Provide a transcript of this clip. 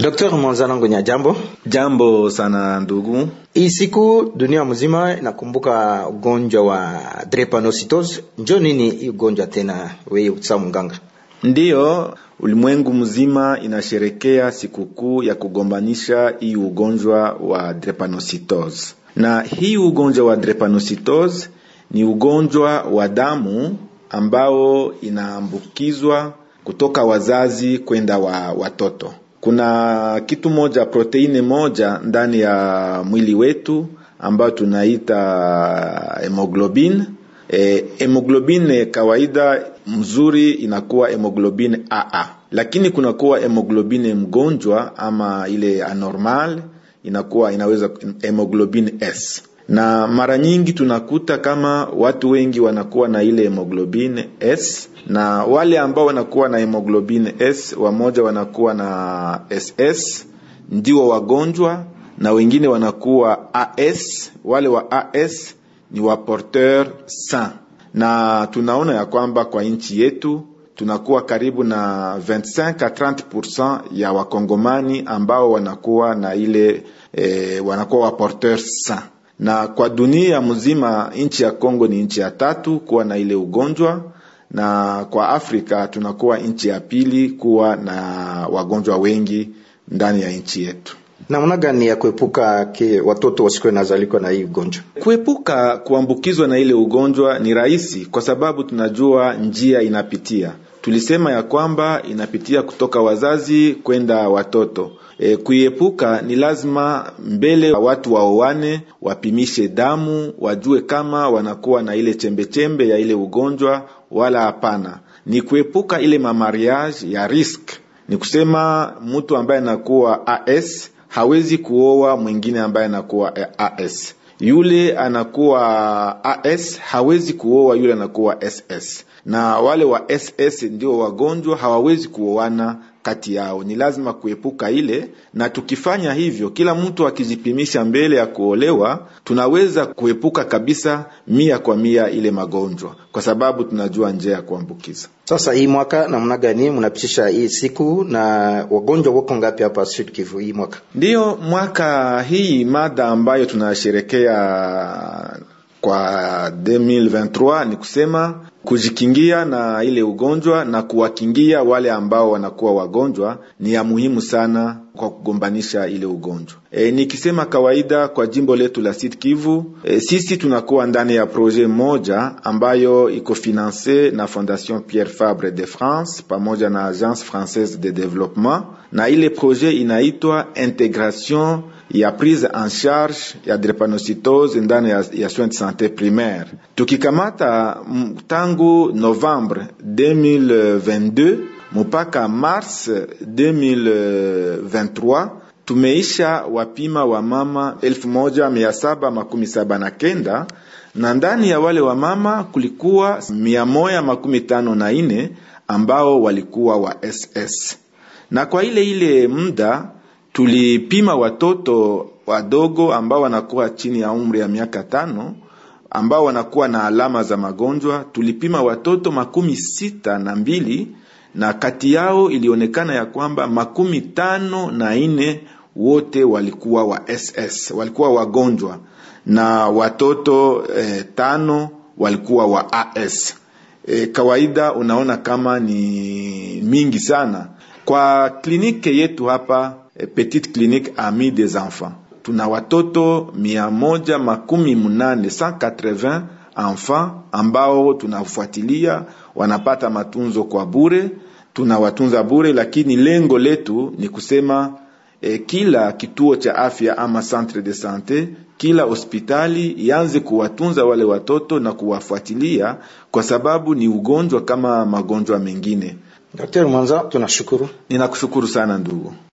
Dr. Mwanzana Ngonya, jambo. Jambo sana ndugu. Hii siku dunia mzima inakumbuka ugonjwa wa drepanocytosis. Njo nini hii ugonjwa tena, wewe utsa mganga? Ndiyo, ulimwengu mzima inasherekea sikukuu ya kugombanisha hii ugonjwa wa drepanocytosis, na hii ugonjwa wa drepanocytosis ni ugonjwa wa damu ambao inaambukizwa kutoka wazazi kwenda wa watoto kuna kitu moja proteine moja ndani ya mwili wetu ambayo tunaita eh, hemoglobin e, hemoglobin kawaida mzuri inakuwa hemoglobin aa lakini kunakuwa hemoglobin mgonjwa ama ile anormal inakuwa inaweza hemoglobin s na mara nyingi tunakuta kama watu wengi wanakuwa na ile hemoglobin S, na wale ambao wanakuwa na hemoglobin S wamoja wanakuwa na SS ndio wagonjwa, na wengine wanakuwa AS. Wale wa AS ni waporteur sain, na tunaona ya kwamba kwa nchi yetu tunakuwa karibu na 25 a 30% ya wakongomani ambao wanakuwa na ile eh, wanakuwa waporteur sain na kwa dunia mzima nchi ya Kongo ni nchi ya tatu kuwa na ile ugonjwa, na kwa Afrika tunakuwa nchi ya pili kuwa na wagonjwa wengi ndani ya nchi yetu. Namna gani ya kuepuka ke watoto wasikuwe nazalikwa na hii ugonjwa? Kuepuka kuambukizwa na ile ugonjwa ni rahisi, kwa sababu tunajua njia inapitia Tulisema ya kwamba inapitia kutoka wazazi kwenda watoto. E, kuiepuka ni lazima mbele watu waowane, wapimishe damu, wajue kama wanakuwa na ile chembechembe ya ile ugonjwa wala hapana. Ni kuepuka ile mamariage ya risk, ni kusema mtu ambaye anakuwa AS hawezi kuoa mwingine ambaye anakuwa AS yule anakuwa AS hawezi kuoa yule anakuwa SS, na wale wa SS ndio wagonjwa, hawawezi kuoana kati yao. Ni lazima kuepuka ile, na tukifanya hivyo, kila mtu akijipimisha mbele ya kuolewa, tunaweza kuepuka kabisa mia kwa mia ile magonjwa, kwa sababu tunajua njia ya kuambukiza. Sasa hii mwaka namna gani mnapitisha hii siku, na wagonjwa wako ngapi hapa Sud Kivu hii mwaka? Ndiyo, mwaka hii mada ambayo tunasherekea kwa 2023 ni kusema kujikingia na ile ugonjwa na kuwakingia wale ambao wanakuwa wagonjwa ni ya muhimu sana kwa kugombanisha ile ugonjwa. E, nikisema kawaida kwa jimbo letu la Sud Kivu, e, sisi tunakuwa ndani ya proje moja ambayo iko finance na Fondation Pierre Fabre de France pamoja na Agence Française de Développement, na ile proje inaitwa integration ya prise en charge ya drepanocytose ndani ya, ya soins de santé primaire. Tukikamata tangu Novembre 2022 mpaka Mars 2023 tumeisha wapima wa mama elfu moja mia saba makumi saba na kenda na ndani ya wale wa mama kulikuwa mia moja makumi tano na ine ambao walikuwa wa SS na kwa ile ile muda tulipima watoto wadogo ambao wanakuwa chini ya umri ya miaka tano ambao wanakuwa na alama za magonjwa. Tulipima watoto makumi sita na mbili na kati yao ilionekana ya kwamba makumi tano na nne wote walikuwa wa SS, walikuwa wagonjwa na watoto eh, tano walikuwa wa AS. E, eh, kawaida unaona kama ni mingi sana kwa kliniki yetu hapa petite clinique ami des enfants. Tuna watoto mia moja makumi munane 180 enfants ambao tunafuatilia, wanapata matunzo kwa bure, tunawatunza bure, lakini lengo letu ni kusema eh, kila kituo cha afya ama centre de sante kila hospitali ianze kuwatunza wale watoto na kuwafuatilia, kwa sababu ni ugonjwa kama magonjwa mengine. Daktari Mwanza, tunashukuru. Ninakushukuru sana ndugu.